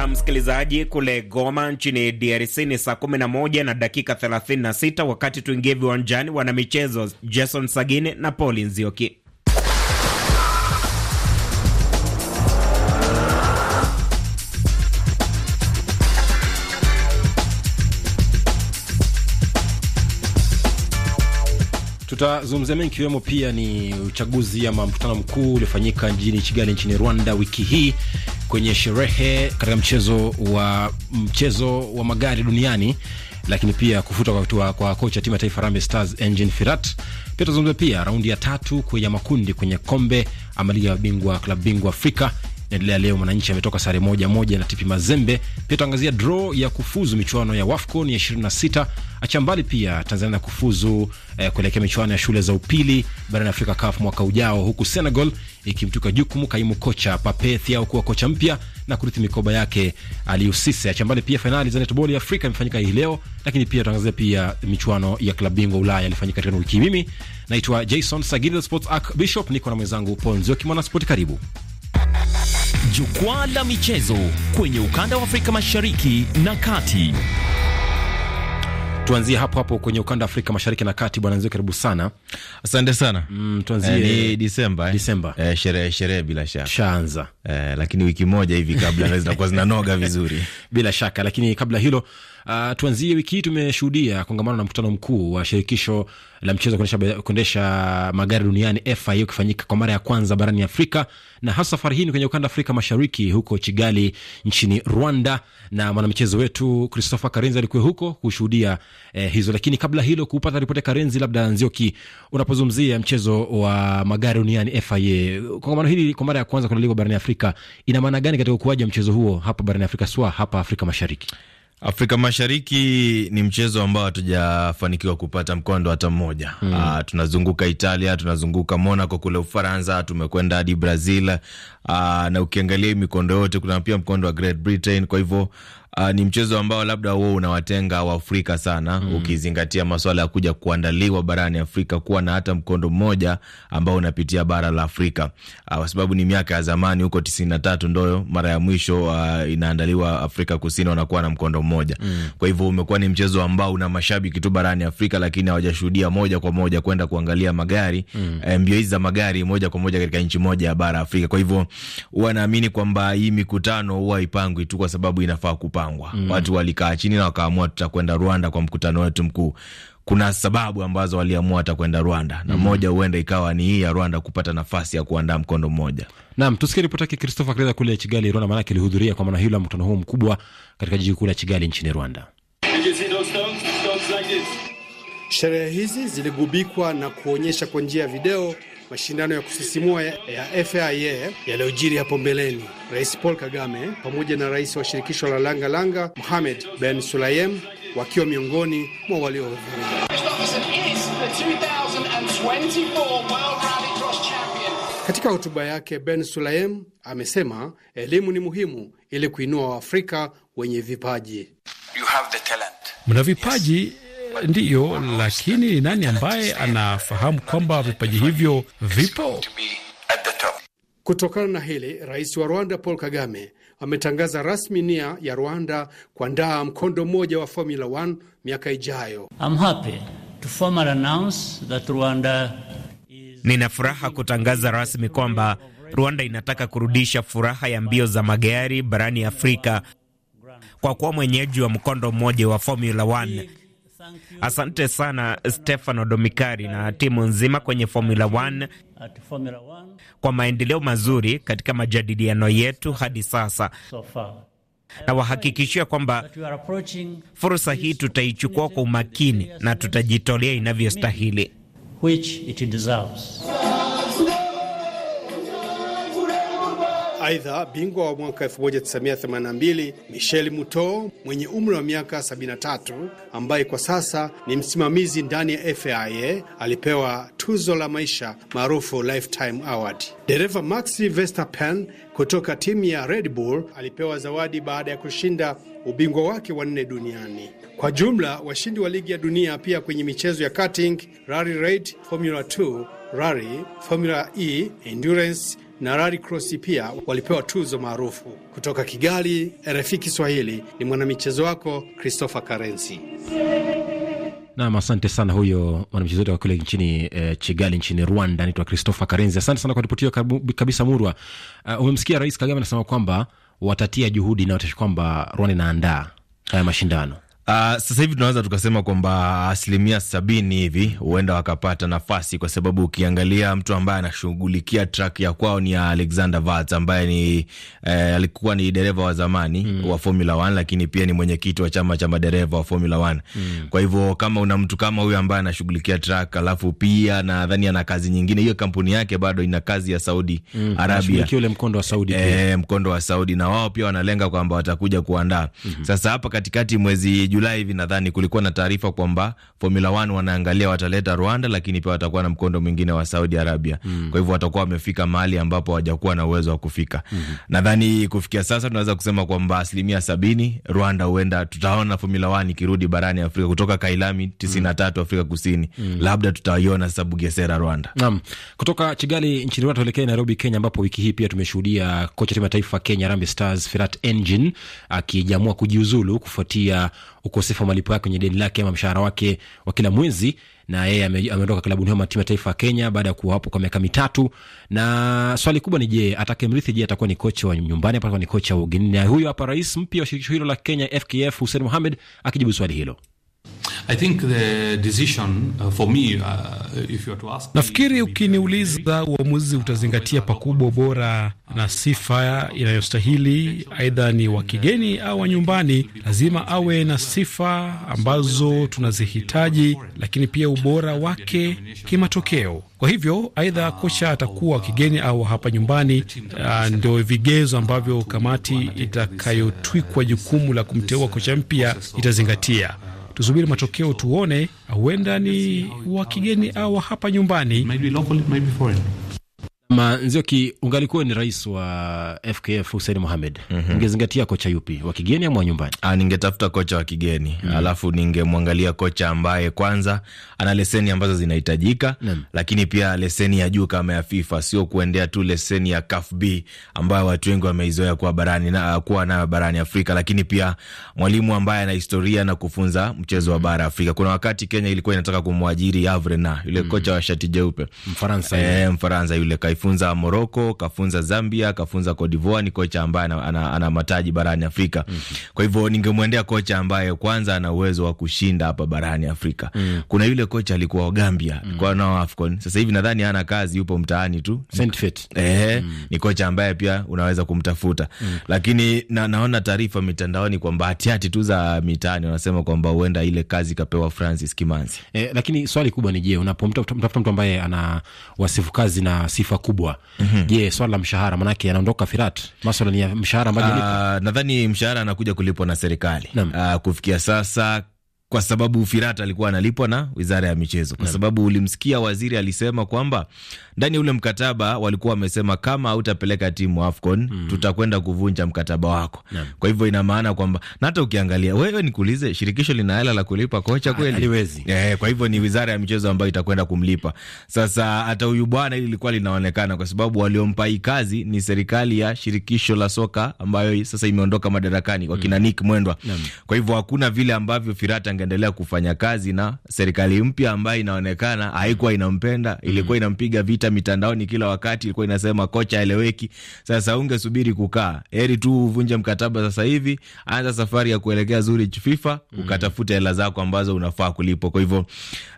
Na msikilizaji, kule Goma nchini DRC ni saa 11 na dakika 36, wakati tuingie viwanjani. Wanamichezo Jason Sagine na Paul Nzioki. Tutazungumzia mengi ikiwemo pia ni uchaguzi ama mkutano mkuu uliofanyika jijini Kigali nchini Rwanda wiki hii kwenye sherehe katika mchezo wa mchezo wa magari duniani, lakini pia kufutwa kwa, kwa kocha timu ya taifa Harambee Stars Engin Firat. Pia tuzungumza pia raundi ya tatu ya makundi kwenye kombe ama ligi ya mabingwa klabu bingwa Afrika inaendelea leo. Mwananchi ametoka sare moja moja na Tipi Mazembe. Pia tuangazia draw ya kufuzu michuano ya WAFCON ya 26 acha mbali pia Tanzania na kufuzu eh, kuelekea michuano ya shule za upili barani Afrika CAF mwaka ujao, huku Senegal ikimtuka jukumu kaimu kocha Pape Thiaw kuwa kocha mpya na kurithi mikoba yake Aliou Cisse. Acha mbali pia fainali za netball ya Afrika imefanyika hii leo, lakini pia tuangazia pia michuano ya klabu bingwa Ulaya ilifanyika katika wiki. Mimi naitwa Jason Sagiri, sports arc bishop, niko na mwenzangu Ponzio Kimana Sport. Karibu. Jukwaa la michezo kwenye ukanda wa Afrika Mashariki na Kati. Tuanzie hapo hapo kwenye ukanda wa Afrika Mashariki na Kati. Bwana Nzio, karibu sana. Asante sana. Mm, tuanzie eh, Disemba eh. Disemba eh, sherehe sherehe bila shaka shaanza eh, lakini wiki moja hivi kabla zinakuwa zinanoga vizuri bila shaka, lakini kabla hilo Uh, tuanzie wiki hii tumeshuhudia kongamano na mkutano mkuu wa shirikisho la mchezo kuendesha, kuendesha magari duniani FIA ukifanyika kwa mara ya kwanza barani Afrika na hasa safari hii ni kwenye ukanda Afrika Mashariki huko Kigali nchini Rwanda, na mwanamchezo wetu Christopher Karenzi alikuwa huko kushuhudia eh, hizo. Lakini kabla hilo kupata ripoti ya Karenzi, labda Nzioki, unapozungumzia mchezo wa magari duniani FIA, kongamano hili kwa mara ya kwanza kuandaliwa barani Afrika, ina maana gani katika ukuaji wa mchezo huo hapa barani Afrika, swa hapa Afrika Mashariki? Afrika Mashariki ni mchezo ambao hatujafanikiwa kupata mkondo hata mmoja. Mm. tunazunguka Italia, tunazunguka Monaco kule Ufaransa, tumekwenda hadi Brazil, Aa, ah, na ukiangalia mikondo yote kuna pia mkondo wa Great Britain. Kwa hivyo Uh, ni mchezo ambao labda huo unawatenga Waafrika sana mm. Ukizingatia maswala ya kuja kuandaliwa barani Afrika kuwa na hata mkondo mmoja ambao unapitia bara la Afrika uh, kwa sababu ni miaka ya zamani huko tisini na tatu ndoyo mara ya mwisho uh, inaandaliwa Afrika Kusini wanakuwa na mkondo mmoja mm. Kwa hivyo umekuwa ni mchezo ambao una mashabiki tu barani Afrika, lakini hawajashuhudia moja kwa moja kwenda kuangalia magari mm. Eh, mbio hizi za magari moja kwa moja katika nchi moja ya bara Afrika. Kwa hivyo wanaamini kwamba hii mikutano huwa ipangwi tu kwa sababu inafaa kupangwa. Mm. Watu walikaa chini na wakaamua tutakwenda Rwanda kwa mkutano wetu mkuu kuna sababu ambazo waliamua watakwenda Rwanda na mm -hmm. huenda ikawa ni hii ya Rwanda kupata nafasi ya kuandaa mkondo mmoja. Naam, tusikie ripoti yake Christopher Kreza kule Kigali, Rwanda, maanake alihudhuria kwa maana hilo la mkutano huu mkubwa katika jiji kuu la Kigali nchini Rwanda. Sherehe hizi ziligubikwa na kuonyesha kwa njia ya video mashindano ya kusisimua ya FIA yaliyojiri hapo mbeleni. Rais Paul Kagame pamoja na rais wa shirikisho la Langa Langa Mohamed Ben Sulayem wakiwa miongoni mwa waliohudhuria. Katika hotuba yake Ben Sulayem amesema elimu ni muhimu ili kuinua Waafrika wenye vipaji. You have the talent. Mna vipaji yes ndiyo, lakini nani ambaye anafahamu kwamba vipaji hivyo vipo? Kutokana na hili, rais wa Rwanda Paul Kagame ametangaza rasmi nia ya Rwanda kuandaa mkondo mmoja wa Formula 1 miaka ijayo. nina furaha kutangaza rasmi kwamba Rwanda inataka kurudisha furaha ya mbio za magari barani Afrika kwa kuwa mwenyeji wa mkondo mmoja wa Formula 1. Asante sana Stefano Domikari na timu nzima kwenye Formula 1 kwa maendeleo mazuri katika majadiliano yetu hadi sasa na wahakikishia kwamba fursa hii tutaichukua kwa umakini na tutajitolea inavyostahili. Aidha, bingwa wa mwaka 1982 Michel Muto mwenye umri wa miaka 73 ambaye kwa sasa ni msimamizi ndani ya fia alipewa tuzo la maisha maarufu Lifetime Award. Dereva Max Verstappen kutoka timu ya Red Bull alipewa zawadi baada ya kushinda ubingwa wake wa nne duniani. Kwa jumla, washindi wa ligi ya dunia pia kwenye michezo ya karting, rally raid, Formula 2, rally, Formula E, endurance na Rari Krosi pia walipewa tuzo maarufu. Kutoka Kigali, RFI Kiswahili ni mwanamichezo wako Christopher Karenzi. Nam, asante sana huyo mwanamchezo wetu wa kule nchini eh, Kigali nchini Rwanda, anaitwa Christopher Karenzi. Asante sana kwa ripoti hiyo kabisa. Murwa, uh, umemsikia Rais Kagame anasema kwamba watatia juhudi na watashi kwamba Rwanda inaandaa haya mashindano Uh, sasa hivi tunaweza tukasema kwamba asilimia sabini hivi huenda wakapata nafasi, kwa sababu ukiangalia mtu ambaye anashughulikia track ya kwao ni Alexander Vats ambaye ni eh, alikuwa ni dereva wa zamani mm. wa Formula 1 lakini pia ni mwenyekiti wa chama cha madereva wa Formula 1 mm. Kwa hivyo kama una mtu kama huyo ambaye anashughulikia track, alafu pia nadhani ana kazi nyingine, hiyo kampuni yake bado ina kazi ya Saudi mm. Arabia, ule mkondo wa Saudi eh, mkondo wa Saudi, na wao pia wanalenga kwamba watakuja kuandaa mm -hmm. Sasa hapa katikati mwezi Julai hivi nadhani kulikuwa na taarifa kwamba Formula 1 wanaangalia wataleta Rwanda, lakini pia watakuwa na mkondo mwingine wa Saudi Arabia mm. Kwa hivyo watakuwa wamefika mahali ambapo hawajakuwa na uwezo wa kufika mm -hmm. Nadhani kufikia sasa tunaweza kusema kwamba asilimia sabini Rwanda huenda tutaona Formula 1 ikirudi barani Afrika kutoka Kailami tisini na tatu mm. Afrika Kusini mm. labda tutaiona sasa Bugesera Rwanda. Naam, kutoka Kigali nchini Rwanda tuelekee Nairobi Kenya, ambapo wiki hii pia tumeshuhudia kocha timu ya taifa Kenya Harambee Stars Ferhat Engin akijiamua kujiuzulu kufuatia ukosefu wa malipo yake kwenye deni lake ama mshahara wake wa kila mwezi na yeye ameondoka klabu hiyo timu ya taifa ya Kenya baada ya kuwa hapo kwa miaka mitatu, na swali kubwa ni je, atakemrithi? je, atakuwa ni kocha wa nyumbani atakuwa ni kocha wa ugenini? Na huyu hapa rais mpya wa shirikisho hilo la Kenya FKF Hussein Mohamed akijibu swali hilo. Uh, uh, Nafikiri ukiniuliza, uamuzi utazingatia pakubwa ubora na sifa inayostahili, aidha ni wa kigeni au wa nyumbani. Lazima awe na sifa ambazo tunazihitaji, lakini pia ubora wake kimatokeo. Kwa hivyo, aidha kocha atakuwa wa kigeni au hapa nyumbani, uh, ndio vigezo ambavyo kamati itakayotwikwa jukumu la kumteua kocha mpya itazingatia. Tusubiri matokeo tuone, huenda ni wa kigeni au hapa nyumbani. Manzioki, ungalikuwa ni rais wa FKF Hussein Mohamed, mm -hmm. kocha yupi wa kigeni ama wa nyumbani? Ah, ningetafuta kocha wa kigeni mm -hmm. alafu ningemwangalia kocha ambaye kwanza ana leseni ambazo zinahitajika mm -hmm. lakini pia leseni ya juu kama ya FIFA, sio kuendea tu leseni ya CAFB ambayo watu wengi wameizoea kuwa barani na kuwa nayo barani Afrika, lakini pia mwalimu ambaye ana historia na kufunza mchezo wa mhm. bara Afrika. Kuna wakati Kenya ilikuwa inataka kumwajiri Havre na yule mm -hmm. kocha wa shati jeupe Mfaransa, eh, Mfaransa yule kaifu Kaifunza Moroko, kafunza Zambia, kafunza Kodivoa. Ni kocha ambaye ana, ana, ana mataji barani Afrika mm. Kwa hivyo ningemwendea kocha ambaye kwanza ana uwezo wa kushinda hapa barani Afrika mm. Kuna yule kocha alikuwa wa Gambia mm. kwa nao AFCON, sasa hivi nadhani hana kazi, yupo mtaani tu Saintfiet. Eh, mm. Ni kocha ambaye pia unaweza kumtafuta mm. Lakini na, naona taarifa mitandaoni kwamba hatihati tu za mitaani wanasema kwamba huenda ile kazi ikapewa Francis Kimanzi eh, lakini swali kubwa ni je, unapomtafuta mtu ambaye ana wasifu kazi na sifa kubwa kubwa. Mhm. Je, mm -hmm. swala la mshahara manake anaondoka Firat, maswala ni ya mshahara ambayo ah, nadhani mshahara anakuja kulipwa na serikali. Uh, kufikia sasa kwa sababu Firata alikuwa analipwa na wizara ya michezo, kwa sababu ulimsikia waziri alisema kwamba ndani ya ule mkataba walikuwa wamesema kama hautapeleka timu AFCON mm, tutakwenda kuvunja mkataba wako na. Kwa hivyo ina maana kwamba na hata ukiangalia wewe, nikuulize, shirikisho lina hela la kulipa kocha kweli? Haliwezi eh. Kwa hivyo ni wizara ya michezo ambayo itakwenda kumlipa. Sasa hata huyu bwana, ili lilikuwa linaonekana, kwa sababu waliompa hii kazi ni serikali ya shirikisho la soka ambayo sasa imeondoka madarakani, wakina mm, Nick Mwendwa na. Kwa hivyo hakuna vile ambavyo Firata angeendelea kufanya kazi na serikali mpya ambayo inaonekana haikuwa inampenda, ilikuwa mm. inampiga vita mitandaoni kila wakati, ilikuwa inasema kocha aeleweki. Sasa ungesubiri kukaa, heri tu uvunje mkataba sasa hivi, anza safari ya kuelekea Zurich FIFA, mm. ukatafuta hela zako ambazo unafaa kulipwa. Kwa hivyo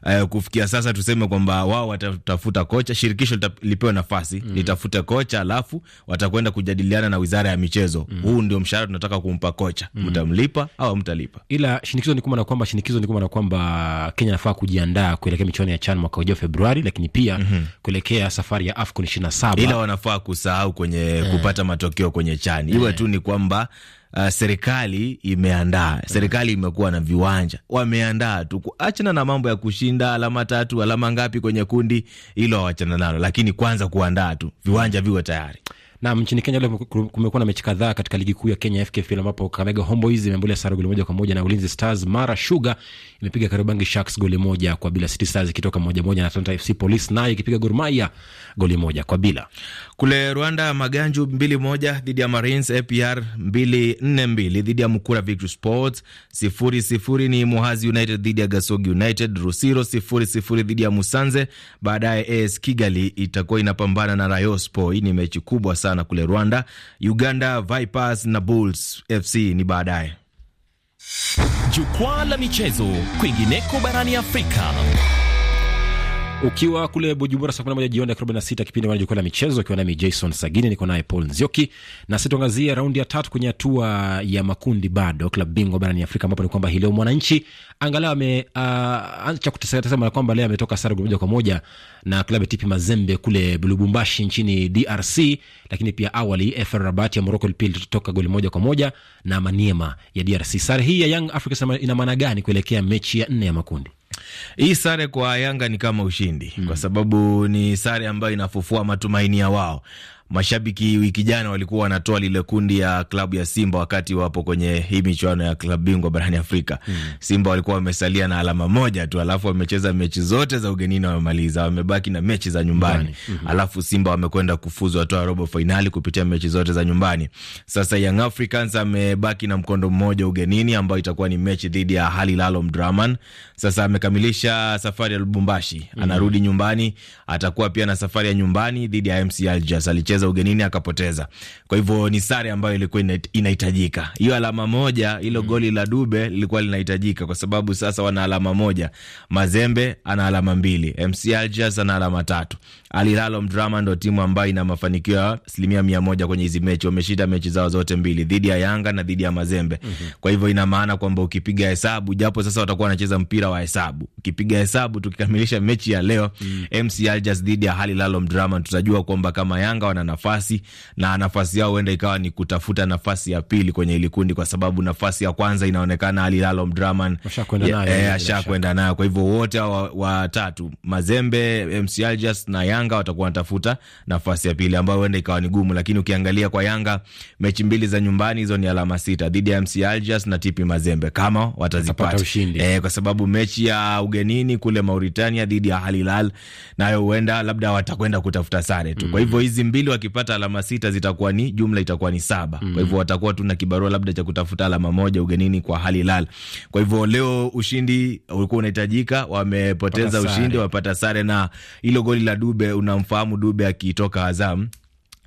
uh, kufikia sasa tuseme kwamba wao watatafuta kocha, shirikisho lipewe nafasi mm. litafute kocha, alafu watakwenda kujadiliana na wizara ya michezo, mm. huu ndio mshahara tunataka kumpa kocha, mm. mtamlipa au mtalipa, ila shinikizo ni kwamba shinikizo ni kwamba kwamba Kenya nafaa kujiandaa kuelekea michuano ya CHAN mwaka ujao Februari, lakini pia mm -hmm. kuelekea safari ya AFCON 27 ila wanafaa kusahau kwenye yeah. kupata matokeo kwenye CHAN iwe yeah. tu ni kwamba Uh, serikali imeandaa eh. Serikali imekuwa na viwanja, wameandaa tu, kuachana na mambo ya kushinda alama tatu alama ngapi kwenye kundi ilo wawachana nalo, lakini kwanza kuandaa tu viwanja viwe tayari. Nam, nchini Kenya leo kumekuwa na mechi kadhaa katika ligi kuu ya Kenya FKFL ambapo Kakamega Homeboyz imeambulia sare goli moja kwa moja na Ulinzi Stars. Mara Sugar imepiga Kariobangi Sharks goli moja kwa bila, City Stars ikitoka moja moja na Atlanta FC Police nayo ikipiga Gor Mahia goli moja kwa bila. Kule Rwanda Maganju mbili moja dhidi ya Marines, APR mbili nne mbili dhidi ya Mukura Victory Sports, sifuri sifuri ni Muhazi United dhidi ya Gasogi United, Rusiro sifuri sifuri dhidi ya Musanze. Baadaye AS Kigali itakuwa inapambana na Rayon Sports. Hii ni mechi kubwa sana sana kule Rwanda. Uganda Vipers na Bulls FC ni baadaye. Jukwaa la michezo kwingineko barani Afrika. Ukiwa kule Bujumbura saa 11 jioni dakika 46, kipindi cha jukwaa la michezo, ukiwa nami Jason Sagini, niko naye Paul Nzioki, na sisi tuangazie raundi ya tatu kwenye hatua ya makundi bado klabu bingwa barani Afrika, ambapo ni kwamba hii leo Mwananchi angalau ameacha ah, uh, kutesema kwamba leo ametoka sare moja kwa moja na klabu ya TP Mazembe kule Lubumbashi nchini DRC, lakini pia awali AS FAR Rabat ya Morocco pia ilitoka goli moja kwa moja na Maniema ya DRC. Sare hii ya Young Africans ina maana gani kuelekea mechi ya nne ya makundi? Hii sare kwa Yanga ni kama ushindi mm, kwa sababu ni sare ambayo inafufua matumaini ya wao mashabiki wiki jana walikuwa wanatoa lile kundi ya klabu ya Simba wakati wapo kwenye hii michuano ya klabu bingwa barani Afrika. Mm. Simba walikuwa wamesalia na alama moja tu, alafu wamecheza mechi zote za ugenini wamemaliza, wamebaki na mechi za nyumbani. Mm -hmm. Alafu Simba wamekwenda kufuzu watoa robo fainali kupitia mechi zote za nyumbani. Sasa Young Africans amebaki na mkondo mmoja ugenini ambao itakuwa ni mechi dhidi ya Al Hilal Omdurman. Sasa amekamilisha safari ya Lubumbashi, hmm. anarudi nyumbani, atakuwa pia na safari ya nyumbani dhidi ya MC Alger. Alicheza alicheza ugenini akapoteza. Kwa hivyo ni sare ambayo ilikuwa inahitajika. Hiyo alama moja, hilo mm. goli la Dube lilikuwa linahitajika kwa sababu sasa wana alama moja. Mazembe ana alama mbili, MC Algiers ana alama tatu. Alilalo Mdrama ndo timu ambayo ina mafanikio ya asilimia mia moja kwenye hizi mechi. Wameshinda mechi zao zote mbili dhidi ya Yanga na dhidi ya Mazembe. Mm -hmm. Kwa hivyo ina maana kwamba ukipiga hesabu, japo sasa watakuwa wanacheza mpira wa hesabu, ukipiga hesabu tukikamilisha mechi ya leo mm -hmm. MC Algiers dhidi ya Alilalo Mdrama tutajua kwamba kama Yanga wana hawana nafasi, na nafasi yao huenda ikawa ni kutafuta nafasi ya pili kwenye ile kundi, kwa sababu nafasi ya kwanza inaonekana Ali Lalo Mdraman eh, eh, ashakwenda nayo. Kwa hivyo wote hawa watatu Mazembe, MC Algiers na Yanga watakuwa wanatafuta nafasi ya pili ambayo huenda ikawa ni gumu, lakini ukiangalia kwa Yanga mechi mbili za nyumbani hizo ni alama sita dhidi ya MC Algiers na TP Mazembe kama watazipata E, kwa sababu mechi ya ugenini kule Mauritania dhidi ya Al Hilal nayo huenda labda watakwenda kutafuta sare tu. Mm. Kwa hivyo hizi mbili mtu wakipata alama sita zitakuwa ni jumla itakuwa ni saba. Mm. Kwa hivyo watakuwa tu na kibarua labda cha kutafuta alama moja ugenini kwa Al Hilal. Kwa hivyo leo ushindi ulikuwa unahitajika, wamepoteza ushindi, wamepata sare na hilo goli la Dube, unamfahamu Dube akitoka Azam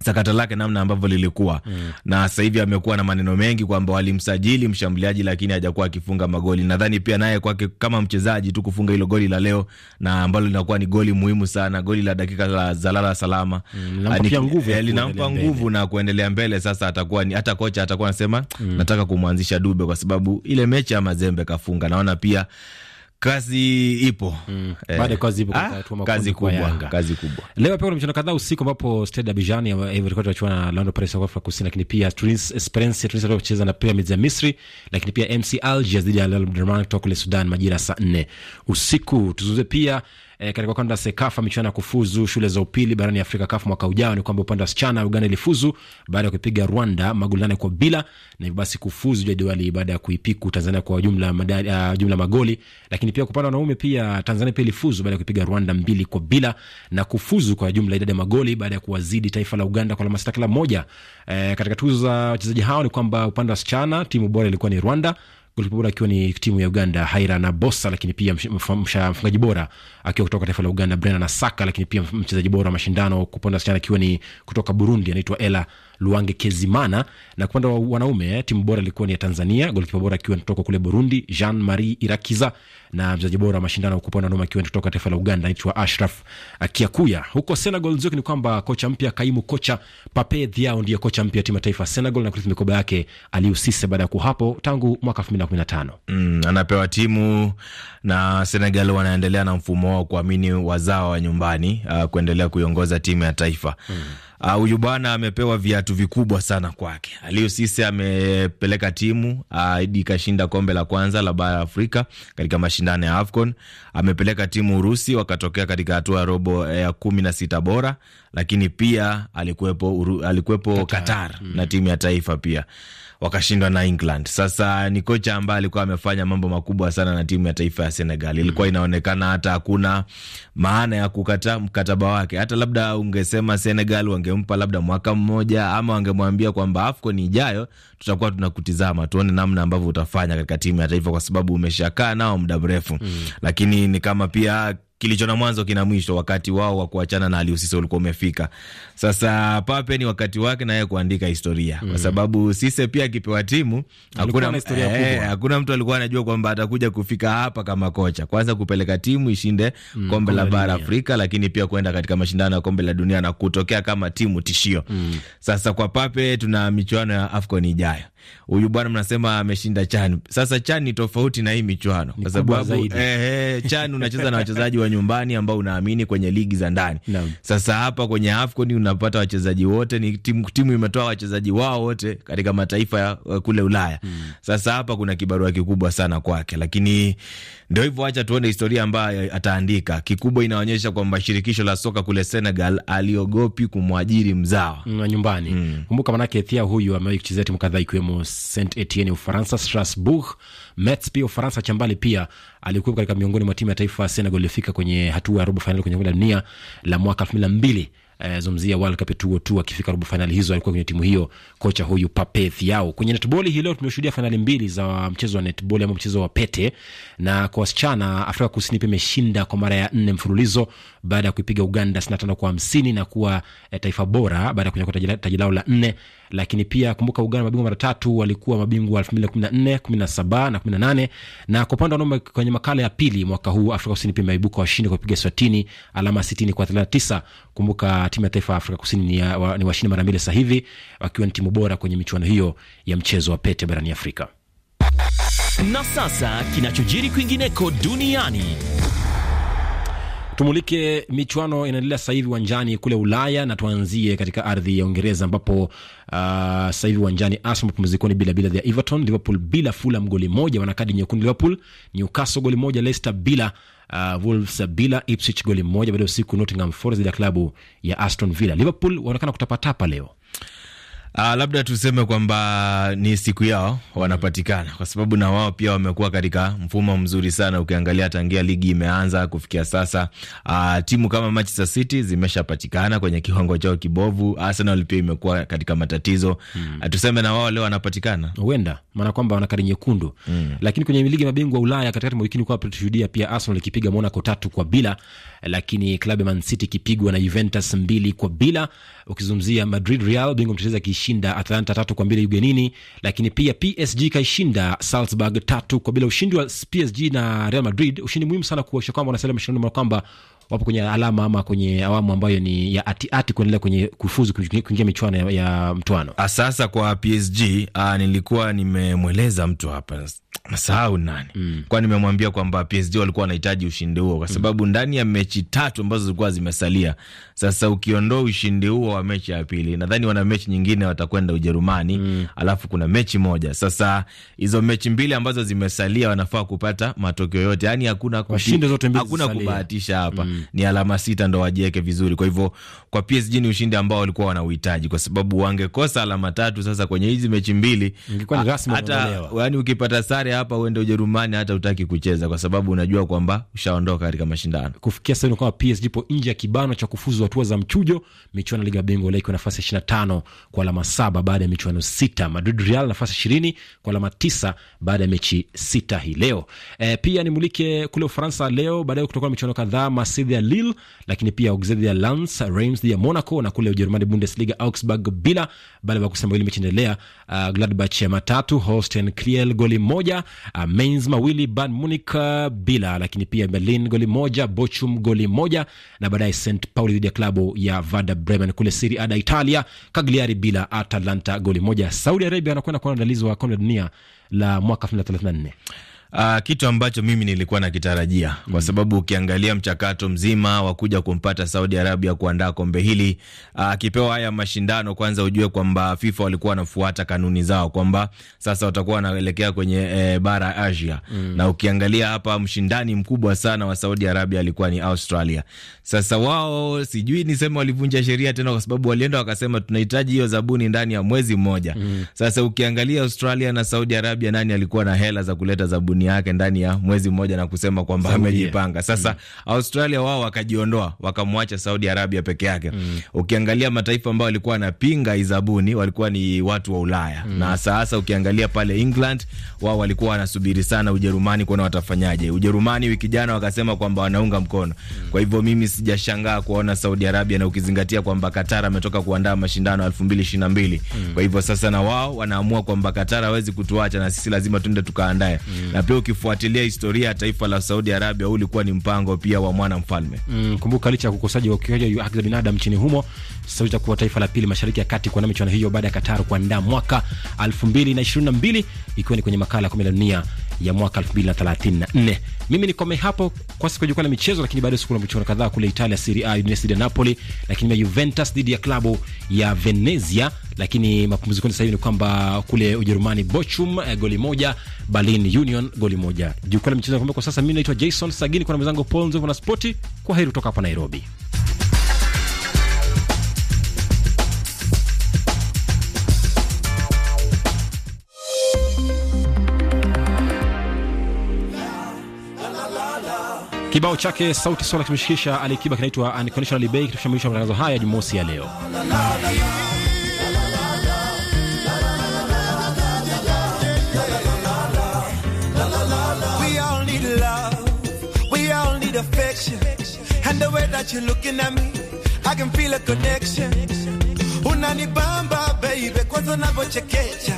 sakata lake namna ambavyo lilikuwa mm. Na sasa hivi amekuwa na maneno mengi kwamba walimsajili mshambuliaji lakini hajakuwa akifunga magoli. Nadhani pia naye kwake kama mchezaji tu kufunga hilo goli la leo na ambalo linakuwa ni goli muhimu sana, goli la dakika la zalala salama mm, linampa eh, nguvu na kuendelea mbele. Sasa atakuwa ni hata kocha atakuwa anasema mm. nataka kumwanzisha Dube kwa sababu ile mechi ya Mazembe kafunga, naona pia Kazi ipo mm. Eh, baada kazi ipo ah, kazi kubwa, Yanga. Kazi kubwa leo pia kuna michezo kadhaa usiku, ambapo Stade Abidjan ya Ivory Coast watachuana na Orlando Pirates ya Afrika Kusini, lakini pia Tunis Esperance Tunis watakuwa kucheza na Pyramids ya Misri, lakini pia MC Alger dhidi ya Al Omdurman kutoka kule Sudan majira saa 4 usiku. Tuzungumze pia e, katika ukanda wa Sekafa michuano ya kufuzu shule za upili barani Afrika Kafu mwaka ujao ni kwamba upande wa wasichana Uganda ilifuzu baada ya kuipiga Rwanda magoli nane kwa bila, na hivyo basi kufuzu jedwali baada ya kuipiku Tanzania kwa jumla, madari, uh, jumla magoli. Lakini pia kwa upande wa wanaume pia Tanzania pia ilifuzu baada ya kuipiga Rwanda mbili kwa bila na kufuzu kwa jumla idadi ya magoli baada ya kuwazidi taifa la Uganda kwa alama sita kila moja. E, katika tuzo za wachezaji hao ni kwamba upande wa wasichana timu bora ilikuwa ni Rwanda, golikipa bora akiwa ni timu ya Uganda Haira na Bosa, lakini pia mfungaji bora akiwa kutoka taifa la Uganda, Brena na Saka, lakini pia mchezaji bora wa mashindano kwa upande wa wasichana akiwa ni kutoka Burundi, anaitwa Ela Luange Kezimana, na kupanda wa wanaume timu bora ilikuwa ni ya Tanzania, golkipa bora akiwa kutoka kule Burundi Jean Marie Irakiza, na mchezaji bora wa mashindano kwa wanaume akiwa ni taifa la Uganda anaitwa Ashraf Akiakuya. Huko Senegal zote ni kwamba kocha mpya kaimu kocha Pape Thiaw ndiye kocha mpya timu ya taifa Senegal na kurithi mikoba yake Aliou Cisse baada ya kuhapo tangu mwaka 2015. Mm, anapewa timu na Senegal wanaendelea na mfumo wameamua kuamini wazao wa nyumbani uh, kuendelea kuiongoza timu ya taifa huyu hmm. uh, bwana amepewa viatu vikubwa sana kwake. Aliyo sisi amepeleka timu uh, hadi uh, ikashinda kombe la kwanza la bara Afrika katika mashindano ya AFCON. Amepeleka timu Urusi, wakatokea katika hatua ya robo eh, ya kumi na sita bora, lakini pia alikuwepo, alikuwepo Qatar, Qatar hmm. na timu ya taifa pia wakashindwa na England. Sasa ni kocha ambaye alikuwa amefanya mambo makubwa sana na timu ya taifa ya Senegal, ilikuwa inaonekana hata hakuna maana ya kukata mkataba wake. Hata labda ungesema Senegal wangempa labda mwaka mmoja, ama wangemwambia kwamba AFCON ijayo tutakuwa tunakutizama, tuone namna ambavyo utafanya katika timu ya taifa, kwa sababu umeshakaa nao muda mrefu mm. Lakini ni kama pia kilicho na mwanzo kina mwisho. Wakati wao wa kuachana na Aliou ulikuwa umefika. Sasa Pape ni wakati wake naye kuandika historia, kwa mhm. sababu Sise pia akipewa timu hakuna, eh, hakuna mtu alikuwa anajua kwamba atakuja kufika hapa kama kocha, kwanza kupeleka timu ishinde mm, kombe la bara Afrika, lakini pia kuenda katika mashindano ya kombe la dunia na kutokea kama timu tishio. Mm. Sasa kwa Pape tuna michuano ya AFCON ijayo huyu bwana mnasema ameshinda CHAN. Sasa CHAN ni tofauti na hii michuano kwa sababu eh, CHAN unacheza na wachezaji wa nyumbani ambao unaamini kwenye ligi za ndani. Sasa hapa kwenye AFCON unapata wachezaji wote ni timu, timu imetoa wachezaji wao wote katika mataifa ya eh, kule Ulaya. Hmm. Sasa hapa kuna kibarua kikubwa sana kwake, lakini ndio hivyo, acha tuone historia ambayo ataandika. Kikubwa inaonyesha kwamba shirikisho la soka kule Senegal aliogopi kumwajiri mzawa na nyumbani. Hmm. Kumbuka, manake Thia huyu amewahi kuchezea timu kadhaa ikiwemo mfano Saint Etienne ya Ufaransa, Strasbourg, Metz pia Ufaransa. Chambali pia alikuwa katika miongoni mwa timu ya taifa ya Senegal iliyofika kwenye hatua ya robo fainali kwenye kombe la dunia la mwaka elfu mbili na mbili Uh, zungumzia World Cup tuo tu akifika robo fainali hizo, alikuwa kwenye timu hiyo kocha huyu Pape Thiaw. Kwenye netball hii leo tumeshuhudia fainali mbili za mchezo wa netball ama mchezo wa pete, na kwa wasichana Afrika Kusini pia imeshinda kwa mara ya nne mfululizo baada ya kuipiga Uganda 65 kwa 50 na kuwa eh, taifa bora baada ya kunyakua taji lao la nne lakini pia kumbuka, Uganda mabingwa mara tatu walikuwa mabingwa 2014, 17 na 18. Na kwa upande wa wanaume kwenye makala ya pili mwaka huu Afrika Kusini pia imeibuka washindi kwa kupiga Swatini alama 60 kwa 39. Kumbuka timu ya taifa ya Afrika Kusini ni, wa, ni washindi mara mbili sasa hivi wakiwa ni timu bora kwenye michuano hiyo ya mchezo wa pete barani Afrika. Na sasa kinachojiri kwingineko duniani Tumulike michuano inaendelea sasa hivi uwanjani kule Ulaya na tuanzie katika ardhi ya Uingereza ambapo uh, sasa hivi uwanjani Arsenal pumzikoni bila bila ya Everton, Liverpool bila Fulham goli moja, wana kadi nyekundu Liverpool, Newcastle goli moja, Leicester bila uh, Wolves bila Ipswich goli moja. Baada ya usiku Nottingham Forest ya klabu ya Aston Villa. Liverpool waonekana kutapatapa leo. Uh, labda tuseme kwamba ni siku yao wanapatikana, kwa sababu na wao pia wamekuwa katika mfumo mzuri sana. Ukiangalia tangia ligi imeanza kufikia sasa, uh, timu kama Manchester City zimeshapatikana kwenye kiwango chao kibovu. Arsenal pia imekuwa katika matatizo mm. Uh, tuseme na wao leo wanapatikana, huenda maana kwamba wana kadi nyekundu mm. Lakini kwenye ligi mabingwa Ulaya katikati mwa wiki ni kwa tushuhudia pia Arsenal ikipiga Monaco tatu kwa bila lakini klabu ya Man City ikipigwa na Juventus mbili kwa bila. Ukizungumzia Madrid Real bingwa mtetezi akiishinda Atalanta tatu kwa mbili ugenini, lakini pia PSG ikaishinda Salzburg tatu kwa bila. Ushindi wa PSG na Real Madrid ushindi muhimu sana kuakisha kwamba wanasalia mashindano kwamba wapo kwenye alama ama kwenye awamu ambayo ni ya atiati kuendelea kwenye kufuzu kuingia michuano ya, ya mtwano. Ah, sasa kwa PSG aa, ah, nilikuwa nimemweleza mtu hapa nasahau nani mm. kwa nimemwambia kwamba PSG walikuwa wanahitaji ushindi huo kwa mm. sababu mm. ndani ya mechi tatu ambazo zilikuwa zimesalia, sasa ukiondoa ushindi huo wa mechi ya pili, nadhani wana mechi nyingine watakwenda Ujerumani mm. alafu kuna mechi moja. Sasa hizo mechi mbili ambazo zimesalia wanafaa kupata matokeo yote, yani hakuna kubahatisha hapa mm ni alama sita ndo wajieke vizuri. Kwa hivyo kwa PSG ni ushindi ambao walikuwa wanauhitaji, kwa sababu wangekosa alama tatu sasa kwenye hizi mechi mbili, hata yani ukipata sare hapa uende Ujerumani, hata utaki kucheza kwa sababu unajua kwamba ushaondoka katika mashindano. Kufikia sasa ni kwamba PSG ipo nje ya kibano cha kufuzu hatua za mchujo michuano ya ligi ya bingwa Ulaya, ikiwa nafasi ya 25 kwa alama saba baada ya michuano sita. Madrid Real nafasi ishirini kwa alama tisa baada ya mechi sita hii leo. E, pia nimulike kule Ufaransa leo baadaye, kutokana na michuano kadhaa Marseille dhidi ya Lille, lakini pia Auxerre dhidi ya Lens, Reims dhidi ya Monaco na kule Ujerumani Bundesliga Augsburg bila baada ya kusema ile mechi endelea uh, Gladbach ya matatu, Holstein Kiel goli moja, uh, Mainz mawili, Bayern Munich uh, bila, lakini pia Berlin goli moja, Bochum goli moja na baadaye St Pauli dhidi ya klabu ya Werder Bremen kule Serie A Italia, Cagliari bila, Atalanta goli moja. Saudi Arabia anakwenda kwa uandalizi wa kombe la dunia la mwaka 2034. Uh, kitu ambacho mimi nilikuwa nakitarajia kwa mm. sababu ukiangalia mchakato mzima wa kuja kumpata Saudi Arabia kuandaa kombe hili, ah, akipewa uh, haya mashindano, kwanza ujue kwamba FIFA walikuwa wanafuata kanuni zao kwamba sasa watakuwa wanaelekea kwenye e, bara Asia mm. Na ukiangalia hapa mshindani mkubwa sana wa Saudi Arabia alikuwa ni Australia. Sasa wao sijui niseme walivunja sheria tena, kwa sababu walienda wakasema tunahitaji hiyo zabuni ndani ya mwezi mmoja mm. Sasa ukiangalia Australia na Saudi Arabia, nani alikuwa na hela za kuleta zabuni dunia yake ndani ya mwezi mmoja na kusema kwamba amejipanga. Sasa mm. Australia wao wakajiondoa, wakamwacha Saudi Arabia peke yake. Mm. Ukiangalia mataifa ambayo walikuwa wanapinga izabuni walikuwa ni watu wa Ulaya. Mm. Na sasa ukiangalia pale England wao walikuwa wanasubiri sana Ujerumani kuona watafanyaje. Ujerumani wiki jana wakasema kwamba wanaunga mkono. Mm. Kwa hivyo mimi sijashangaa kuona Saudi Arabia na ukizingatia kwamba Katara ametoka kuandaa mashindano elfu mbili ya 2022. Mm. Kwa hivyo sasa na wao wanaamua kwamba Katara hawezi kutuacha na sisi lazima tuende tukaandae. Mm. Na pia ukifuatilia historia ya taifa la Saudi Arabia, huu ulikuwa ni mpango pia wa mwana mfalme. Mm, kumbuka licha ya kukosaji wa ukiukaji wa haki za binadamu nchini humo, Saudi itakuwa taifa la pili Mashariki ya Kati kuandaa michuano hiyo baada ya Qatar kuandaa mwaka 2022 ikiwa ni kwenye makala ya kombe la dunia ya mwaka 2034. Mimi nikome hapo kwa siku jukwaa la michezo, lakini bado siku na michuano kadhaa kule Italia, Serie A, Udinese dhidi ya Napoli, lakini pia Juventus dhidi ya klabu ya Venezia, lakini mapumziko sasa hivi ni kwamba kule Ujerumani Bochum eh, goli moja, Berlin Union goli moja. Jukwaa la michezo kwa sasa, mimi naitwa Jason Sagini, kwa mwenzangu Paul na Sporti. Kwa heri kutoka hapa Nairobi. Kibao chake sauti sola kimeshikisha Alikiba kinaitwa Unconditional Bae kitashamilisha matangazo haya Jumamosi ya leo. Unanibamba baby kwanza unavyochekecha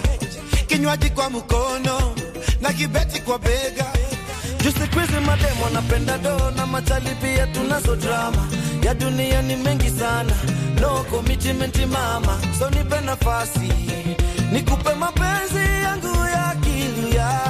kinywaji kwa mkono na kibeti kwa bega juu siku hizi mademu wanapenda do na machali pia, tunazo drama ya dunia ni mengi sana, no commitment mama, so nipe nafasi nikupe mapenzi yangu ya akili ya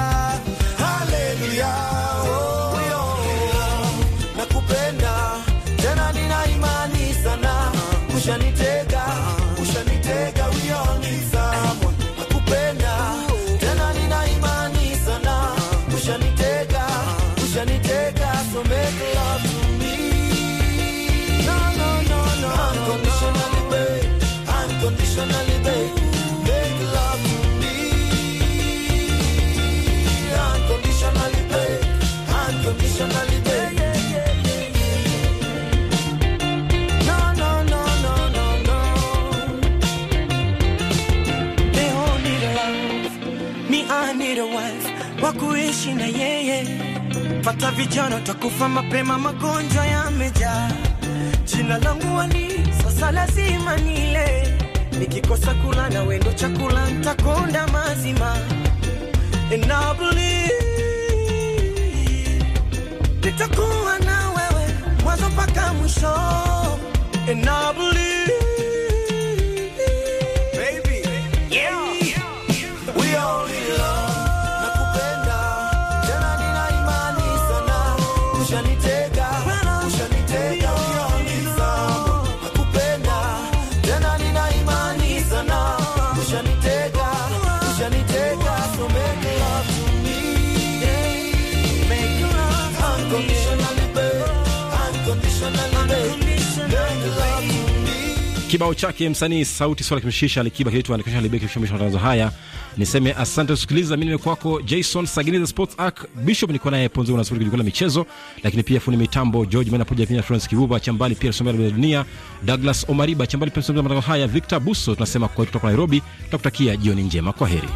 wa kuishi na yeye. Pata vijana takufa mapema, magonjwa yamejaa. Jina langu Ali, sasa lazima nile. Nikikosa kula na wendo chakula, ntakonda mazima. And I believe nitakuwa na wewe mwanzo mpaka mwisho. And I believe Kibao chake msanii sauti swala kimshisha alikiba kilitu anikisha libeki kishomisha matangazo haya. Niseme asante kusikiliza. Mimi nimekuwa kwako Jason Saginiza Sports Arc Bishop, niko naye Ponzo na Sport kwa michezo, lakini pia fundi mitambo George Mena Puja, pia Florence Kivuba Chambali, pia somea la dunia Douglas Omariba Chambali, pia somea matangazo haya Victor Busso. Tunasema kwa kutoka Nairobi, tutakutakia jioni njema, kwa heri.